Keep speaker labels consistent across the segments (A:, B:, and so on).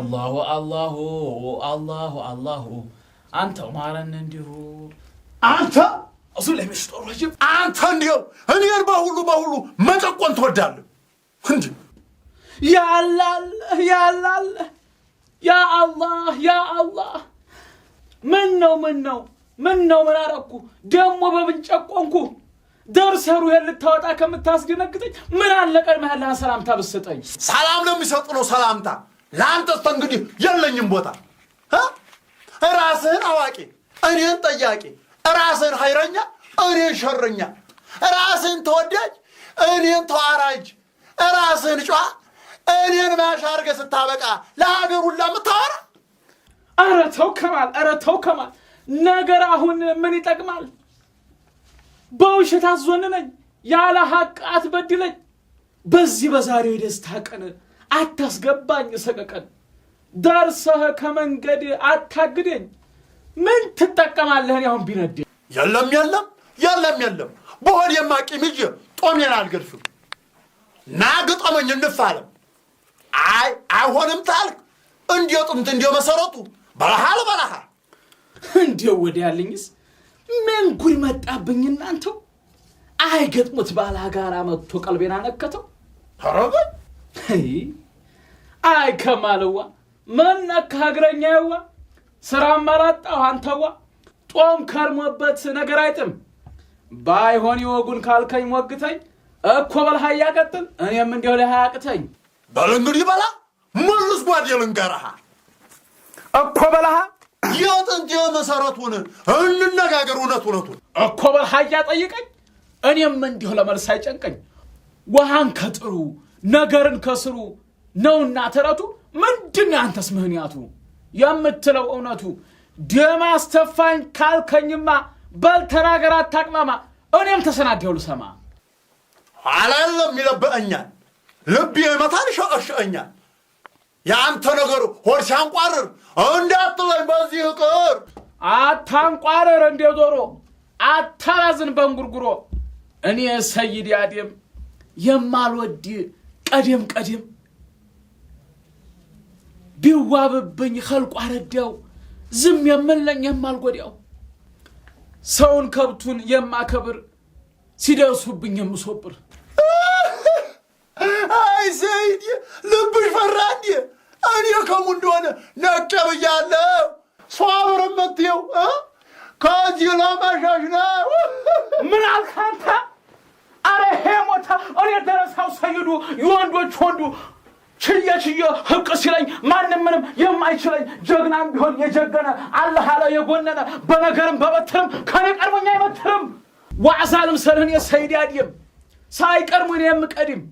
A: አላሁ አላሁ አላሁ አላሁ አንተ ማረን እንዲሁ አንተ እሱ ላይ
B: አንተ እንዲው እኔን በሁሉ በሁሉ መጠቆን ትወዳለህ። እንዲ
A: ያላል ያላል ያ አላህ ያ አላህ ምን ነው ምን ነው ምን ነው ምን አረግኩ ደግሞ በምን ጨቆንኩ? ደርሰሩ ልታወጣ ከምታስደነግጠኝ ምን አለ ቀድመህ ሰላምታ ብትሰጠኝ።
B: ሰላም ነው የሚሰጡ ነው ሰላምታ ለአንተስ እንግዲህ የለኝም ቦታ። ራስህን አዋቂ፣ እኔን ጠያቂ፣ ራስህን ኃይረኛ፣ እኔን ሸረኛ፣ ራስህን ተወዳጅ፣ እኔን ተዋራጅ፣ ራስህን ጨዋ፣ እኔን ማሻርገ ስታበቃ ለሀገር ሁላ የምታወራ
A: ኧረ ተው ከማል፣ ኧረ ተው ከማል። ነገር አሁን ምን ይጠቅማል? በውሸት አዞንነኝ፣ ያለ ሀቅ አትበድለኝ። በዚህ በዛሬው የደስታ ቀን አታስገባኝ ሰቀቀን ዳርሰህ ከመንገድ አታግደኝ። ምን ትጠቀማለህን? ያሁን ቢነድ
B: የለም የለም የለም የለም በሆድ የማቂም ይዤ ጦሜን አልገድፍም። ናግጦመኝ እንፋለም አይ አይሆንም ታልክ እንዲዮ ጥምት እንዲዮ መሰረቱ በረሃል በረሃል
A: እንዲዮ ወደ ያለኝስ ምን ጉድ መጣብኝ እናንተው። አይ ገጥሙት ባላ ጋራ መጥቶ ቀልቤን አነከተው ተረበኝ አይ ከማልዋ ምን ነካ ይዋ ስራ ስራም አንተዋ ጦም ከርሞበት ነገር አይጥም ባይሆን ይወጉን ካልከኝ ሞግተኝ እኮ በልሃ እያቀጥል እኔም እንዲሁ ላይ አያቅተኝ
B: በል እንግዲህ በላ መልስ ጓዴ ልንገርሃ እኮ በልሃ የጥንት መሰረቱን እንነጋገር እውነት እውነቱን
A: እኮ በልሃ እያጠይቀኝ እኔም እንዲሁ ለመልስ አይጨንቀኝ ውሃን ከጥሩ ነገርን ከስሩ ነውና ተረቱ። ምንድን ያንተስ ምክንያቱ የምትለው እውነቱ? ደም አስተፋኝ ካልከኝማ በልተናገር አታቅማማ። እኔም ተሰናደው ልሰማ
B: አላለም ይለብጠኛል፣ ልብ የመታን ሸቀሸቀኛል። የአንተ ነገር ሆድ ሲያንቋርር እንዳትለኝ በዚህ ቅር
A: አታንቋርር፣ እንዴ ዶሮ አታላዝን በንጉርጉሮ እኔ ሰይድ ያዴም የማልወድ ቀደም ቀደም ቢዋብብኝ ኸልቁ አረዳው ዝም የምለኝ የማልጎዳው ሰውን ከብቱን የማከብር ሲደርሱብኝ የምሶብር
B: አይ ሰይድ ልብሽ ፈራ እንዴ? እኔ ከሙ እንደሆነ ነቄ ብያለሁ። ሷብር የምትየው ከዚህ ለመሸሽ ነው።
A: ምን አልክ አንተ? ሄሞታ እኔ ደረሳው ሰይዱ የወንዶች ወንዱ ችዬ ችዬ ህብቅ ሲለኝ ማንም ምንም የማይችለኝ ጀግናም ቢሆን የጀገነ አለህ አለ የጎነነ በነገርም በበትርም ከኔ ቀድሞኝ አይበትርም ዋዕዛልም ሰልህን የሰይድ ያድየም ሳይቀድሙ እኔ የምቀድም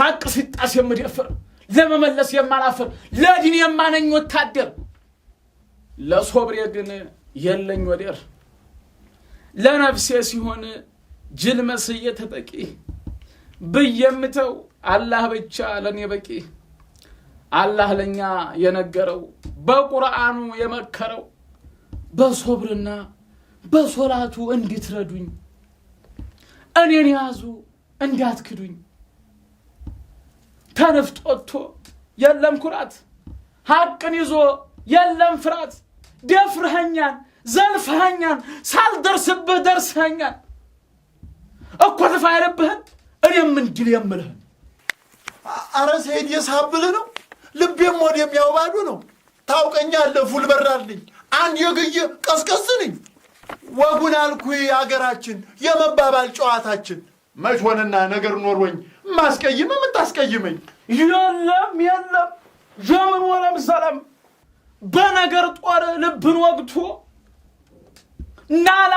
A: ሀቅ ሲጣስ የምደፍር ለመመለስ የማላፍር ለዲን የማነኝ ወታደር ለሶብሬ ግን የለኝ ወደር ለነፍሴ ሲሆን ጅል መስዬ ተጠቂ ብየምተው አላህ ብቻ ለእኔ በቂ አላህ ለእኛ የነገረው በቁርአኑ የመከረው በሶብርና በሶላቱ እንድትረዱኝ እኔን ያዙ እንዳትክዱኝ። ተንፍጥ ወጥቶ የለም ኩራት፣ ሀቅን ይዞ የለም ፍራት። ደፍርኸኛን ዘልፍኸኛን፣ ሳልደርስብህ ደርስኸኛን እኮ ትፋ ያለብህን እኔም እንዲል የምልህን
B: አረ ሰይድ የሳብልህ ነው። ልቤም ወደ የሚያውባዱ ነው። ታውቀኛለህ፣ ፉል በራልኝ አንድ የግዬ ቀስቀስ ነኝ። ወጉን አልኩህ አገራችን የመባባል ጨዋታችን መች ሆነና ነገር ኖሮኝ ማስቀይም የምታስቀይመኝ
A: የለም የለም የምን ወለም ሰለም በነገር ጦር ልብን ወግቶ ናላ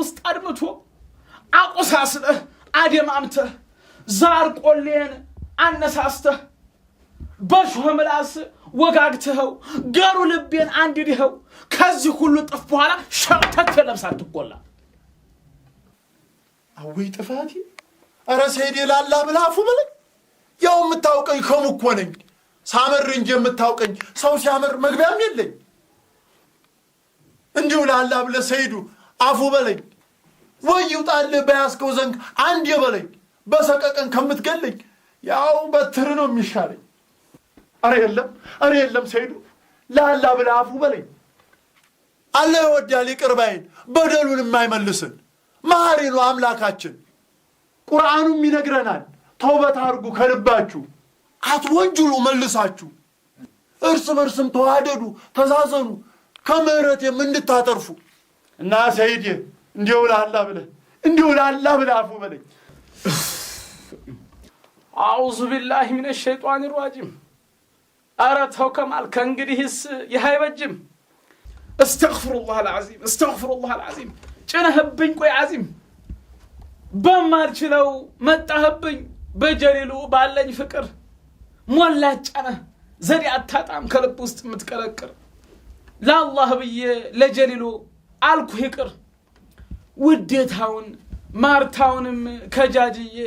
A: ውስጥ አድምቶ አቆሳስለህ አደማምተህ ዛር ቆሌን አነሳስተህ በሾህ ምላስ ወጋግትኸው ገሩ ልቤን አንድድኸው ከዚህ ሁሉ ጥፍ በኋላ ሸርተት ለብሳ ትጎላ
B: አወይ ጥፋቴ! ኧረ ሰይዴ ላላ ብላፉ ብለኝ ያው የምታውቀኝ ከሙኮ ነኝ ሳምር እንጂ የምታውቀኝ ሰው ሲያምር መግቢያም የለኝ እንዲሁ ላላ ብለ ሰይዱ አፉ በለኝ ወይ ይውጣልህ በያዝከው ዘንግ አንድ የበለኝ በሰቀቀን ከምትገለኝ ያው በትር ነው የሚሻለኝ። አረ የለም አረ የለም ሰይዱ ላላ ብለህ አፉ በለኝ። አለ ይወዳል ይቅር ባይን በደሉን የማይመልስን መሐሪ ነው አምላካችን። ቁርአኑም ይነግረናል ተውበት አድርጉ ከልባችሁ አትወንጅሉ መልሳችሁ፣ እርስ በርስም ተዋደዱ፣ ተዛዘኑ ከምህረት የምንታተርፉ እና ሰይድ እንዲው ላላ ብለህ እንዲው ላላ ብለህ አፉ በለኝ።
A: አዑዙ ቢላሂ ሚነ ሸይጧን ራጂም። አረ ተው ከማል ከእንግዲህስ ይህ አይበጅም። እስተግፍሩላህ አልዓዚም እስተግፍሩላህ አልዓዚም። ጭነህብኝ ቆይ ዓዚም በማልችለው መጣህብኝ። በጀሊሉ ባለኝ ፍቅር ሞላጫ ነህ ዘዴ አታጣም ከልብ ውስጥ የምትቀለቅር ለአላህ ብዬ ለጀሊሉ አልኩህ ይቅር ውዴታውን ማርታውንም ከጃጅዬ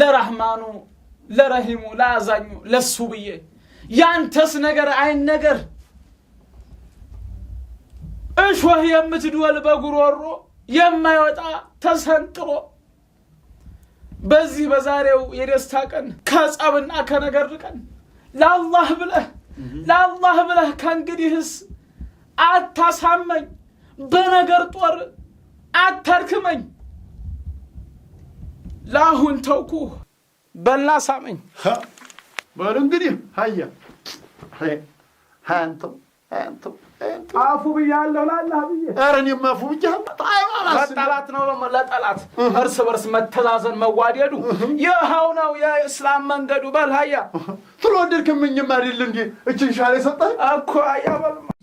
A: ለራህማኑ ለረሂሙ ለአዛኙ ለሱ ብዬ ያንተስ ነገር አይን ነገር እሾህ የምትድወል በጉሮሮ የማይወጣ ተሰንጥሮ በዚህ በዛሬው የደስታ ቀን ከጸብና ከነገር ቀን ለአላህ ብለህ ለአላህ ብለህ ከእንግዲህስ አታሳመኝ በነገር ጦር አታርክመኝ። ለአሁን ተውኩ በላ ሳመኝ።
B: በሉ እንግዲህ ሀያ ሀያንተው ሀያንተው
A: አፉ ብያለሁ ላላህ ብዬ
B: ኧረ እኔማ አፉ ብያለሁ።
A: ለጠላት ነው ለጠላት እርስ በርስ መተዛዘን መዋደዱ ይኸው ነው የእስላም መንገዱ። በል ሀያ
B: ስለወደድክምኝም አይደል እንዴ እችን ሻላ የሰጠህ
A: እኮ ያ በልማ